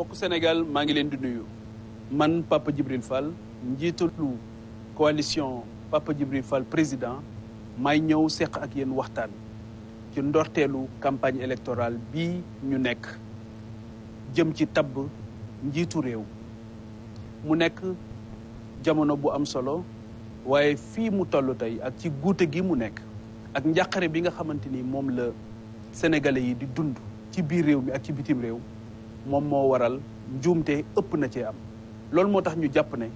mbokk Sénégal maa ngi leen di nuyu man Papa Djibril Fall njiitalu coalition Papa Djibril Fall président may ñëw seq ak yenn waxtaan ci ndorteelu campagne électorale bi ñu nekk jëm ci tabb njiitu réew mu nekk jamono bu am solo waaye fii mu toll tey ak ci guute gi mu nekk ak njàqare bi nga xamante ni moom la sénégalais yi di dund ci biir réew mi ak ci bitim réew moom moo waral njuumte ëpp na cee am loolu moo tax ñu jàpp ne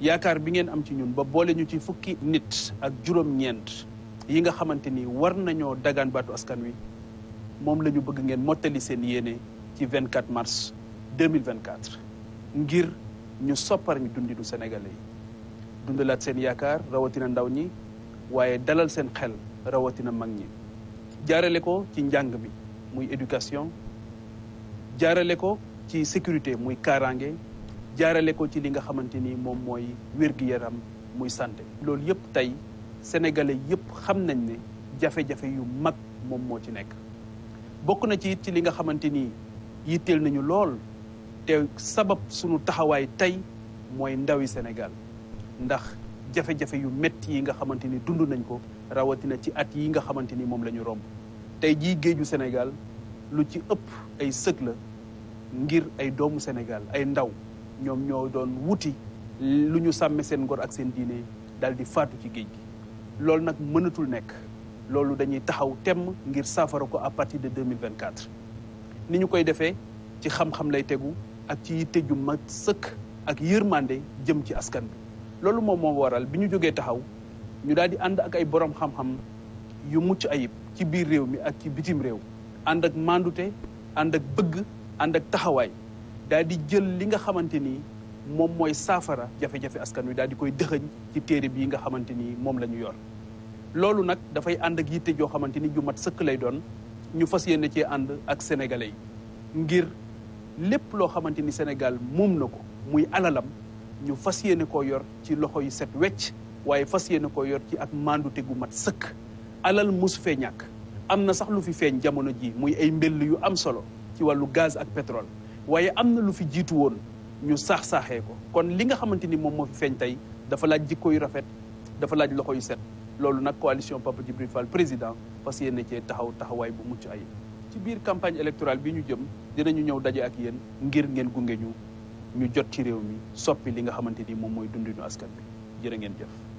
yaakaar bi ngeen am ci ñun ba boole ñu ci fukki nit ak juróom-ñeent yi nga xamante ni war nañoo dagaan baatu askan wi moom lañu bëgg ngeen mottali seen yéene ci 24 mars 2024 ngir ñu soppar ñu dundidu sénégalais yi dundalaat seen yaakaar rawatina ndaw ñi waaye dalal seen xel rawatina mag ñi jaarale ko ci njàng bi muy éducation jaarale ko ci sécurité muy kaaraange jaarale ko ci li nga xamante ni moom mooy wér-gu-yaram muy santé loolu yëpp tey sénégalais yëpp xam nañ ne jafe-jafe yu mag moom moo ci nekk bokk na ci it ci li nga xamante ni yitteel nañu lool te sabab sunu taxawaay tey mooy ndawi Sénégal ndax jafe-jafe yu métti yi nga xamante ni dund nañ ko rawatina ci at yi nga xamante ni moom la ñu romb tey jii géeju Sénégal lu ci ëpp ay sëg la ngir ay doomu Sénégal ay ndaw ñoom ñoo doon wuti lu ñu sàmme seen ngor ak seen diine daal di faatu ci géej gi loolu nag mënatul nekk loolu dañuy taxaw temm ngir saafara ko à partir de 2024 ni ñu koy defee ci xam-xam lay tegu ak ci yitte ju mag sëkk ak yërmande jëm ci askan bi loolu moom moom waral bi ñu jógee taxaw ñu daal di ànd ak ay boroom xam-xam yu mucc ayib ci biir réew mi ak ci bitim réew ànd ak mandute ànd ak bëgg ànd ak taxawaay daal di jël li nga xamante ni moom mooy saafara jafe-jafe askan wi daal di koy dëxëñ ci téere bii nga xamante ni moom la ñu yor loolu nag dafay ànd ak yitte joo xamante ni ju mat sëkk lay doon ñu fas yéene cee ànd ak sénégalais yi ngir lépp loo xamante ni Sénégal moom na ko muy alalam ñu fas yéene koo yor ci loxo yu set wecc waaye fas yéene koo yor ci ak mandute gu mat sëkk alal mosu fee ñàkk am na sax lu fi feeñ jamono ji muy ay mbëll yu am solo ci wàllu gaz ak pétrole waaye am na lu fi jiitu woon ñu saax-saaxee ko kon li nga xamante ni moom moo fi feeñ tey dafa laaj jikko yu rafet dafa laaj loxo yu set loolu nag coalition Papa Djibril Fall président fas yéene cee taxaw taxawaay bu mucc ay ci biir campagne électorale bi ñu jëm dinañu ñëw daje ak yéen ngir ngeen gunge ñu ñu jot ci réew mi soppi li nga xamante ni moom mooy dundinu askan bi jërë ngeen jëf